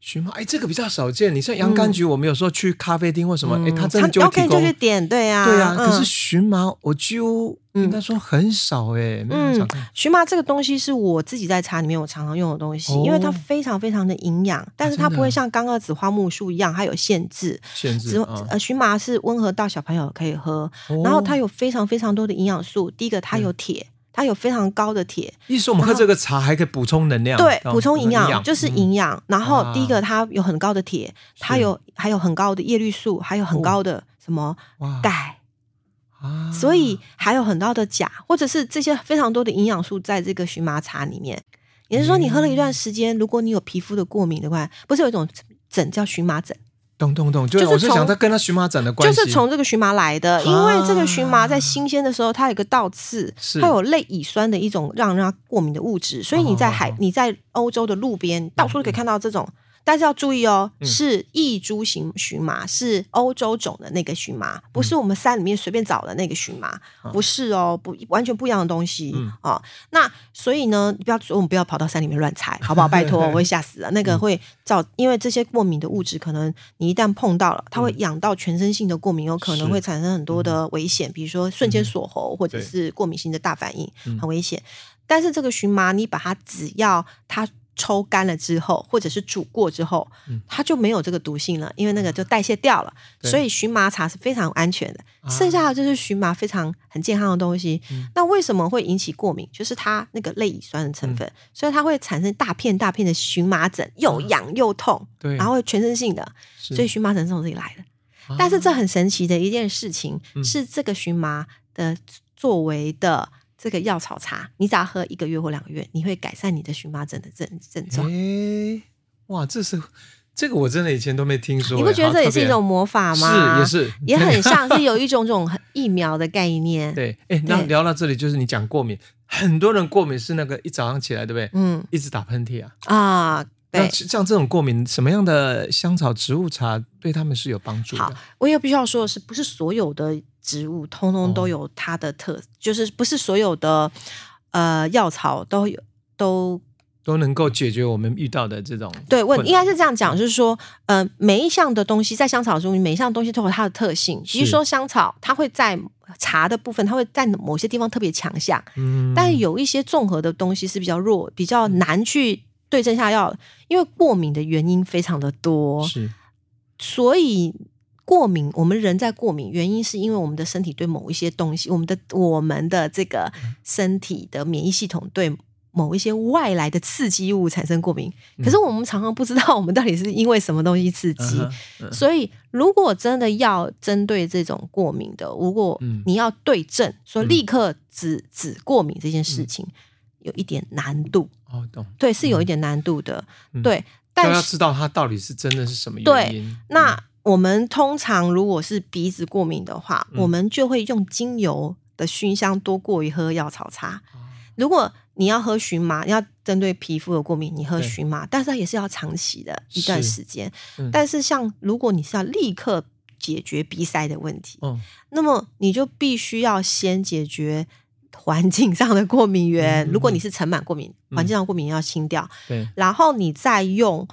蕁麻哎這個比較少見。你像洋甘菊，嗯、我們有時候去咖啡廳或什麼，哎、嗯、它這就提供。o、okay, 就去點對呀、啊、對呀、啊嗯。可是蕁麻，我就應該、嗯、說很少哎、欸。嗯，蕁麻這個東西是我自己在茶裡面我常常用的東西，哦、因為它非常非常的營養，但是它不會像剛剛紫花木樹一樣，它有限制。限制蕁、嗯呃、麻是溫和到小朋友可以喝、哦，然後它有非常非常多的營養素。第一個，它有鐵。嗯它有非常高的鐵，意思我們喝這個茶還可以補充能量，對，補充營養就是營養、嗯。然後第一個它有很高的鐵，它有還有很高的葉綠素，還有很高的什麼鈣啊，所以還有很高的鉀、啊，或者是這些非常多的營養素在這個蕁麻茶裡面。也就是說，你喝了一段時間、嗯，如果你有皮膚的過敏的話，不是有一種疹叫蕁麻疹？咚咚咚，就是從跟他蕁麻疹的關係，就是從、就是、這個蕁麻來的。因為這個蕁麻在新鮮的時候，啊、它有個倒刺，它有類乙酸的一種讓人家過敏的物質。所以你在海，哦哦哦，你在歐洲的路邊、哦哦，到處可以看到這種。但是要注意哦，嗯、是異株型蕁麻，是歐洲種的那個蕁麻，不是我們山裡面隨便找的那個蕁麻、嗯，不是哦，不完全不一樣的東西啊、嗯哦。那所以呢，不要所以我們不要跑到山裡面亂採，好不好？拜托，我會嚇死了、嗯、那個會造，因為這些過敏的物質，可能你一旦碰到了，它會癢到全身性的過敏，有可能會產生很多的危險，嗯、比如說瞬間鎖喉，或者是過敏性的大反應，嗯、很危險。但是這個蕁麻，你把它只要它。抽乾了之後，或者是煮過之後、嗯，它就沒有這個毒性了，因為那個就代謝掉了。嗯、所以蕁麻茶是非常安全的，啊、剩下的就是蕁麻非常很健康的東西、嗯。那為什麼會引起過敏？就是它那個類蟻酸的成分，嗯、所以它會產生大片大片的蕁麻疹，又癢又痛、啊，然後全身性的。所以蕁麻疹是從這裡來的、啊。但是這很神奇的一件事情是，這個蕁麻的作為的。這個藥草茶，你只要喝一個月或兩個月，你會改善你的蕁麻疹的症症狀、欸。哇，這是這個我真的以前都沒聽說過、欸。你不覺得這也是一種魔法嗎？是，也是，也很像是有一種種疫苗的概念。對，欸對欸，那聊到這裡，就是你講過敏，很多人過敏是那個一早上起來，對不對？嗯，一直打噴嚏啊啊。呃那像這種過敏，什麼樣的香草植物茶對他們是有幫助的？好，我也必須要說的是，是不是所有的植物通通都有它的特，哦、就是不是所有的呃藥草都有都都能夠解決我們遇到的這種？對，問，應該是這樣講，就是說，呃，每一項的東西在香草中，每一項東西都有它的特性。比如說香草，它會在茶的部分，它會在某些地方特別強項，但有一些綜合的東西是比較弱，比較難去。對症下藥，因為過敏的原因非常的多，是，所以過敏，我們人在過敏原因是因為我們的身體對某一些東西，我們的我們的這個身體的免疫系統對某一些外來的刺激物產生過敏，可是我們常常不知道我們到底是因為什麼東西刺激，嗯、所以如果真的要針對這種過敏的，如果你要對症，所以立刻止止過敏這件事情。嗯嗯有一點難度哦，懂、嗯、對，是有一點難度的，嗯、對，但是要知道它到底是真的是什麼原因對、嗯。那我們通常如果是鼻子過敏的話，嗯、我們就會用精油的燻香多過於喝藥草茶、哦。如果你要喝蕁麻，你要針對皮膚的過敏，你喝蕁麻，但是它也是要長期的一段時間、嗯。但是像如果你是要立刻解決鼻塞的問題，嗯、那麼你就必須要先解決。環境上的過敏源，嗯、如果你是塵蟎過敏，環、嗯、境上的過敏要清掉。對，然後你再用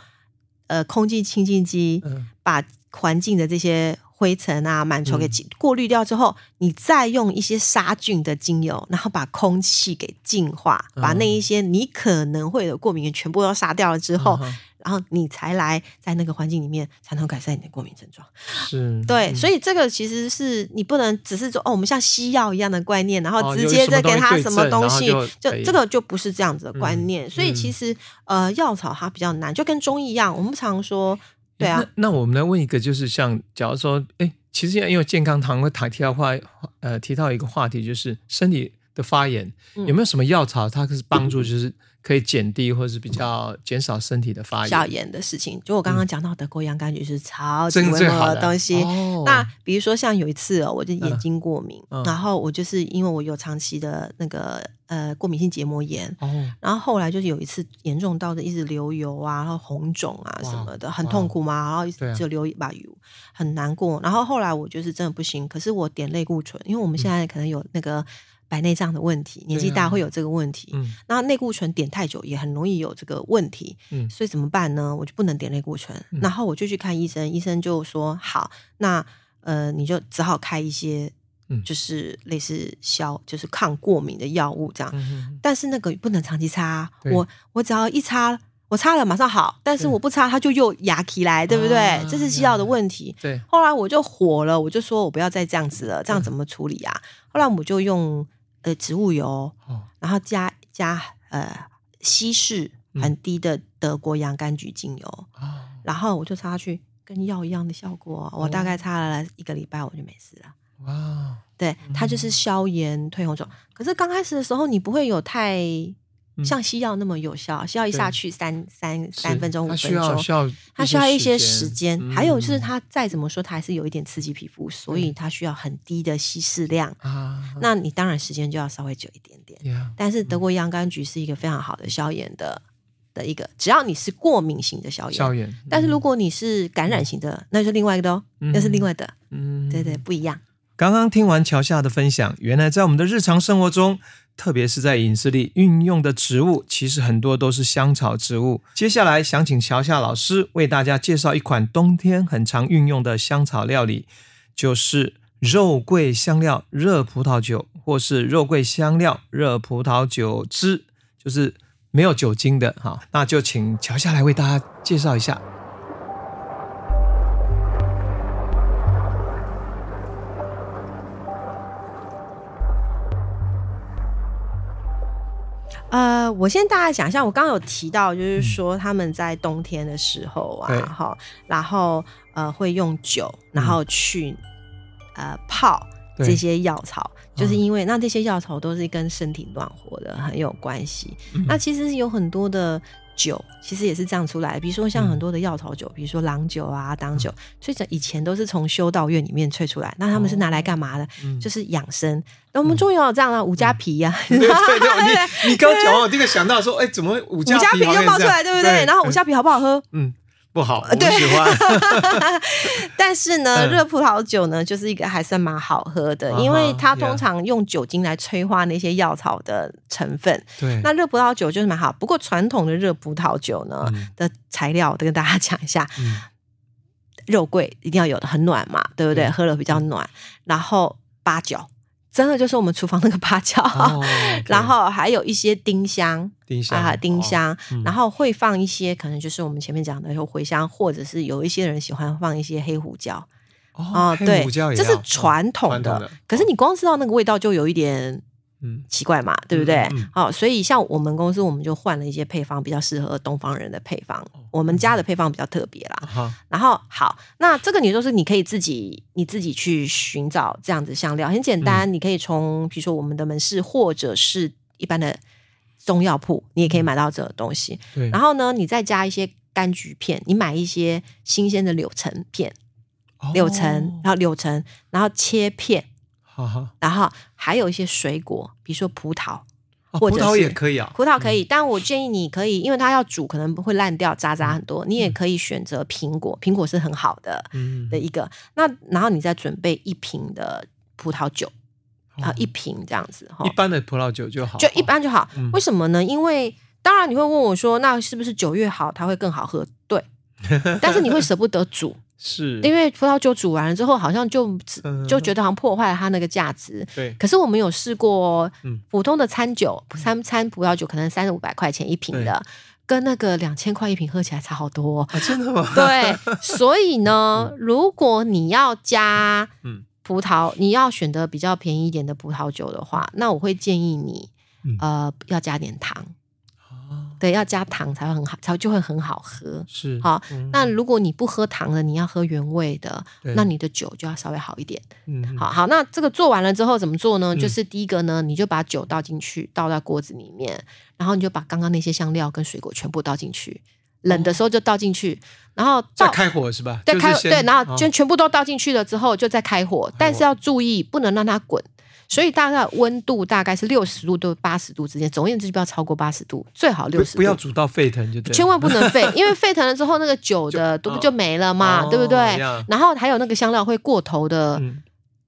呃空氣清淨機、嗯、把環境的這些灰塵啊、蟎蟲給清、嗯、過濾掉之後，你再用一些殺菌的精油，然後把空氣給淨化、嗯，把那一些你可能會有的過敏源全部都殺掉了之後。嗯然後你才來，在那個環境裡面，才能改善你的過敏症狀。是對、嗯，所以這個其實是你不能只是說哦，我們像西藥一樣的觀念，然後直接再給他什麼東西，哦、東西就、哎、就這個就不是這樣子的觀念。嗯嗯、所以其實呃，藥草它比較難，就跟中醫一樣，我們常說對啊、欸那。那我們來問一個，就是像假如說，哎、欸，其實因為健康堂會談話，呃，提到一個話題，就是身體。就發炎、嗯、有沒有什麼藥草？它是幫助，就是可以減低，或者是比較減少身體的發炎。消炎的事情，就我剛剛講到的過洋甘菊是超級好的東西的、哦。那比如說像有一次、哦、我就眼睛過敏、嗯嗯，然後我就是因為我有長期的那個呃過敏性結膜炎、哦，然後後來就是有一次嚴重到的，一直流油啊，然後紅腫啊什麼的，很痛苦嘛。然後就流一把油、啊，很難過。然後後來我就是真的不行，可是我點類固醇，因為我們現在可能有那個。嗯白內障的問題，年紀大會有這個問題。那類、啊嗯、固醇點太久也很容易有這個問題。嗯、所以怎麼辦呢？我就不能點類固醇、嗯，然後我就去看醫生，醫生就說：“好，那呃，你就只好開一些、嗯，就是類似消，就是抗過敏的藥物這樣。嗯嗯嗯”但是那個不能長期擦，我我只要一擦，我擦了馬上好，但是我不擦，它就又癢起來，對不對？啊、這是西藥的問題、啊啊。後來我就火了，我就說我不要再這樣子了，這樣怎麼處理啊？嗯、後來我就用。植物油，哦、然後加加呃稀釋很低的德國洋甘菊精油、嗯哦，然後我就擦去，跟藥一樣的效果、啊哦。我大概擦了一個禮拜，我就沒事了。哇、對、嗯，它就是消炎、退紅腫。可是剛開始的時候，你不會有太、嗯、像西藥那麼有效。西藥一下去三、嗯、三三分鐘五分鐘，它需要，需要它需要一些時間、嗯。還有就是它再怎麼說，它還是有一點刺激皮膚，嗯、所以它需要很低的稀釋量啊。那你當然時間就要稍微久一點點。Yeah, 但是德國洋甘菊是一個非常好的消炎的、的一個，只要你是過敏型的消炎。消炎，但是如果你是感染型的，嗯、那就是另外一個的哦，那、嗯、是另外的。嗯，對對，不一樣。剛剛聽完喬夏的分享，原來在我們的日常生活中，特別是在飲食裡運用的植物，其實很多都是香草植物。接下來想請喬夏老師為大家介紹一款冬天很常運用的香草料理，就是。肉桂香料熱葡萄酒，或是肉桂香料熱葡萄酒汁，就是沒有酒精的哈。那就請喬夏來為大家介紹一下。呃，我先大概想一下，我剛剛有提到，就是說他們在冬天的時候啊，嗯、然後，然後、呃、會用酒，然後去。嗯呃，泡這些藥草，就是因為、嗯、那這些藥草都是跟身體暖和的很有關係、嗯。那其實有很多的酒，其實也是這樣出來的，比如說像很多的藥草酒、嗯，比如說郎酒啊、當酒、嗯，所以以前都是從修道院裡面萃出來、哦。那他們是拿來幹嘛的？嗯、就是養生。那我們中藥有這樣了、啊，五、嗯、加皮呀、啊。對對，你剛剛講到這個想到說，哎、欸，怎麼五加五加皮，皮就冒出來，對不對？對，然後五加皮好不好喝？嗯。嗯不好，不喜歡。 *laughs* 但是呢，嗯、熱葡萄酒呢，就是一個還算蠻好喝的，因為它通常用酒精來催化那些藥草的成分。對，那熱葡萄酒就是蠻好。不過傳統的熱葡萄酒呢、嗯、的材料，我得跟大家講一下、嗯。肉桂一定要有的，很暖嘛，對不對？嗯、喝了比較暖、嗯。然後八角，真的就是我們廚房那個八角、哦 okay。然後還有一些丁香。丁香、啊丁香哦，然後會放一些、嗯，可能就是我們前面講的有茴香，或者是有一些人喜歡放一些黑胡椒。哦，哦對，這是傳統的、哦、傳統的。可是你光知道那個味道就有一點，嗯，奇怪嘛、哦，對不對？好、嗯嗯哦，所以像我們公司，我們就換了一些配方，比較適合東方人的配方。嗯、我們家的配方比較特別啦。嗯、然後，好，那這個你就是你可以自己，你自己去尋找這樣子香料，很簡單，嗯、你可以從比如說我們的門市或者是一般的。中藥鋪，你也可以買到這個東西、嗯。然後呢，你再加一些柑橘片，你買一些新鮮的柳橙片，哦、柳橙，然後柳橙，然後切片哈哈，然後還有一些水果，比如說葡萄，啊、哦，或者是，葡萄也可以啊，葡萄可以、嗯，但我建議你可以，因為它要煮，可能會爛掉渣渣很多、嗯，你也可以選擇蘋果，嗯、蘋果是很好的，嗯，的一個，嗯、那然後你再準備一瓶的葡萄酒。啊，一瓶這樣子、嗯，一般的葡萄酒就好，就一般就好。哦、為什麼呢？因為當然你會問我說，那是不是酒越好，它會更好喝？對， *laughs* 但是你會捨不得煮，是，因為葡萄酒煮完了之後，好像就就覺得好像破壞了它那個價值。對，可是我們有試過，普通的餐酒、嗯，三餐葡萄酒可能三五百塊錢一瓶的，跟那個兩千塊一瓶，喝起來差好多、啊。真的嗎？對，所以呢，嗯、如果你要加，嗯。葡萄，你要選擇比較便宜一點的葡萄酒的話，那我會建議你，嗯、呃，要加點糖、啊，對，要加糖才會很好，才就會很好喝。是，好。嗯、那如果你不喝糖的，你要喝原味的，那你的酒就要稍微好一點。嗯、嗯，好好。那這個做完了之後怎麼做呢？嗯、就是第一個呢，你就把酒倒進去，倒在鍋子裡面，然後你就把剛剛那些香料跟水果全部倒進去。冷的時候就倒進去，然後倒再開火是吧？再開、就是、對，然後全全部都倒進去了之後，就再開火、哦，但是要注意不能讓它滾，所以大概溫度大概是六十度到八十度之間，總而言之就不要超過八十度，最好六十度。不要煮到沸騰就對。千萬不能沸， *laughs* 因為沸騰了之後那個酒的都不就，就，就沒了嘛，哦、對不對、哦？然後還有那個香料會過頭的，嗯、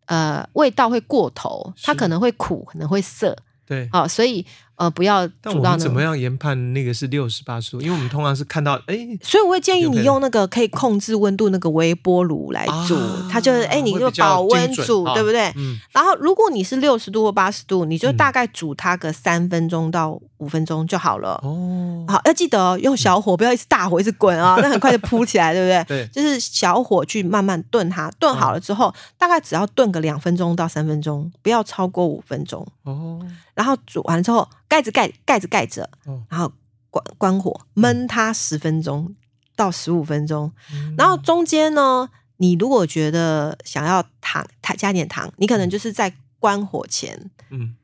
呃，味道會過頭，它可能會苦，可能會澀。對，好、哦，所以。呃，不要。煮到、那個、怎麼樣研判那個是六十、八十度？因為我們通常是看到，哎、欸，所以我會建議你用那個可以控制溫度那個微波爐來煮、啊，它就是，哎、欸，你就保溫煮，對不對？嗯、然後，如果你是六十度或八十度，你就大概煮它個三分鐘到五分鐘就好了。哦、嗯。好，要、呃、記得、哦、用小火、嗯，不要一直大火一直滾啊、哦，那很快就撲起來， *laughs* 對不對？對。就是小火去慢慢燉它，燉好了之後，大概只要燉個兩分鐘到三分鐘，不要超過五分鐘。哦。然後煮完之後。蓋子蓋蓋子蓋着，然後關關火，燜它十分鐘到十五分鐘、嗯。然後中間呢，你如果覺得想要糖，加加點糖，你可能就是在關火前，嗯，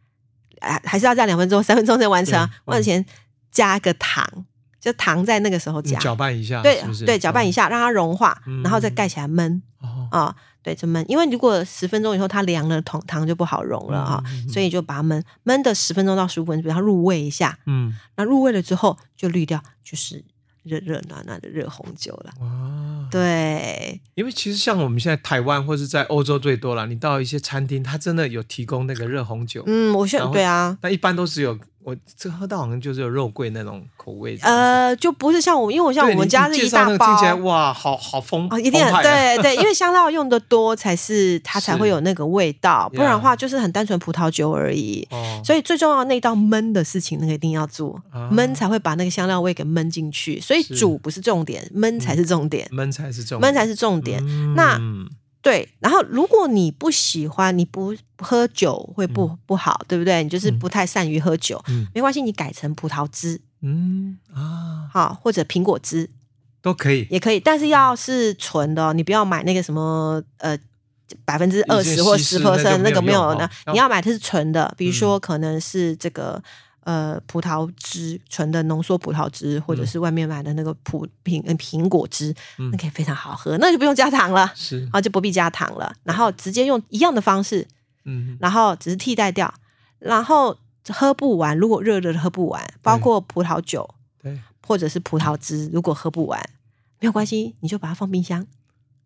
還還是要在兩分鐘、三分鐘才完成、嗯，關火前加個糖、嗯，就糖在那個時候加，攪拌一下是是，對對，攪拌一下讓它融化、嗯，然後再蓋起來燜啊。嗯哦哦對，就燜，因為如果十分鐘以後它涼了，糖就不好溶了啊、嗯嗯，所以就把它燜，燜的十分鐘到十五分鐘，讓它入味一下。嗯，那入味了之後就濾掉，就是熱熱暖暖的熱紅酒了。哇，對，因為其實像我們現在台灣或是在歐洲最多啦，你到一些餐廳，它真的有提供那個熱紅酒。嗯，我現在對啊，但一般都是有。我這喝到好像就是有肉桂那種口味，呃，就不是像我們，因為我像我們家這一大包，哇，好好豐啊、哦，一定很、啊、對對，因為香料用的多才是它才會有那個味道，不然的話就是很單純葡萄酒而已。Yeah. 所以最重要那一道燜的事情那個一定要做，燜、哦、才會把那個香料味給燜進去，所以煮不是重點，燜才是重點，燜才是重，燜才是重點。才是重點嗯、那。對，然後如果你不喜歡，你不喝酒會不、嗯、不好，對不對？你就是不太善於喝酒，嗯、沒關係，你改成葡萄汁，嗯啊，好，或者蘋果汁都可以，也可以，但是要是純的、哦，你不要買那個什麼呃百分之二十或十 percent 那個沒，沒有呢？要你要買的是純的，比如說可能是這個。嗯呃，葡萄汁純的濃縮葡萄汁，或者是外面買的那個葡蘋嗯蘋果汁，嗯，那可以非常好喝，那就不用加糖了，是啊，然後就不必加糖了，然後直接用一樣的方式，嗯，然後只是替代掉，然後喝不完，如果熱熱的喝不完，包括葡萄酒對，對，或者是葡萄汁，如果喝不完，沒有關係，你就把它放冰箱，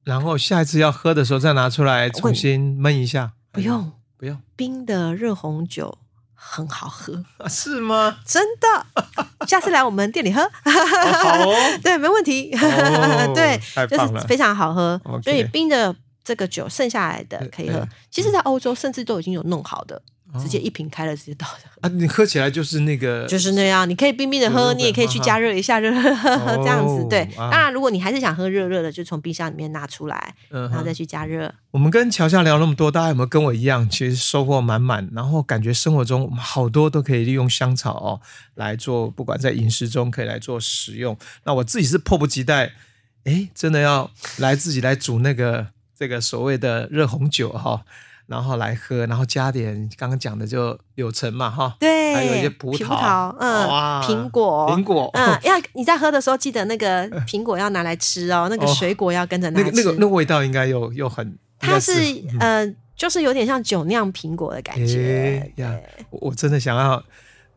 然後下一次要喝的時候再拿出來重新燜一下，不用、哎呃、不用冰的熱紅酒。很好喝，是嗎？真的， *laughs* 下次來我們店裡喝，啊哦、 *laughs* 對，沒問題，oh, *laughs* 對，太棒了，就是非常好喝。所、okay. 以冰的這個酒剩下來的可以喝，呃呃、其實，在歐洲甚至都已經有弄好的。嗯嗯直接一瓶開了直接倒啊，啊！你喝起來就是那個，就是那樣。你可以冰冰的喝，呵呵，你也可以去加熱一下，熱熱喝喝這樣子。對呵呵，當然如果你還是想喝熱熱的，就從冰箱裡面拿出來，然後再去加熱、嗯。我們跟喬夏聊那麼多，大家有沒有跟我一樣，其實收穫滿滿？然後感覺生活中我們好多都可以利用香草哦、喔、來做，不管在飲食中可以來做食用。那我自己是迫不及待，欸、真的要來自己來煮那個這個所謂的熱紅酒哈、喔。然後來喝，然後加點剛剛講的就柳橙嘛哈，對，還有一些葡萄，嗯、呃，蘋果，呃、蘋果，嗯、呃，要你在喝的時候記得那個蘋果要拿來吃哦，呃、那個水果要跟着拿來吃、哦、那個那個那個味道應該又又很，它是嗯、呃，就是有點像酒釀蘋果的感覺、欸、呀。我真的想要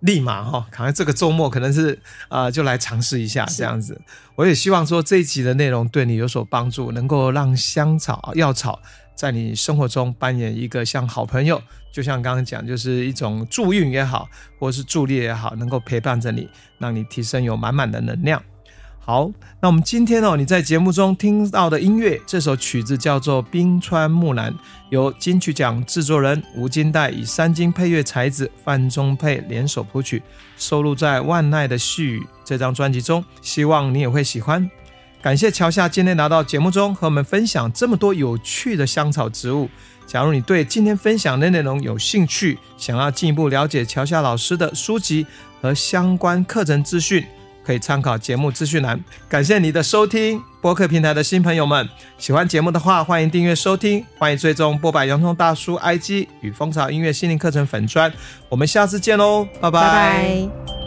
立馬哈，可能這個周末可能是啊、呃，就來嘗試一下這樣子。我也希望說這一集的內容對你有所幫助，能夠讓香草藥草。在你生活中扮演一個像好朋友，就像剛剛講，就是一種助運也好，或是助力也好，能夠陪伴着你，讓你提升有滿滿的能量。好，那我們今天哦，你在節目中聽到的音樂，這首曲子叫做《冰川木蘭》，由金曲獎製作人吳金黛與三金配樂才子范宗沛聯手譜曲，收錄在《萬籟的絮語》這張專輯中，希望你也會喜歡。感謝喬夏今天來到節目中和我們分享這麼多有趣的香草植物。假如你對今天分享的內容有興趣，想要進一步了解喬夏老師的書籍和相關課程資訊，可以參考節目資訊欄。感謝你的收聽，播客平台的新朋友們，喜歡節目的話，歡迎訂閱收聽，歡迎追蹤剝吧！洋蔥大叔 IG 與風潮音樂心靈課程粉專。我們下次見嘍，拜拜。拜拜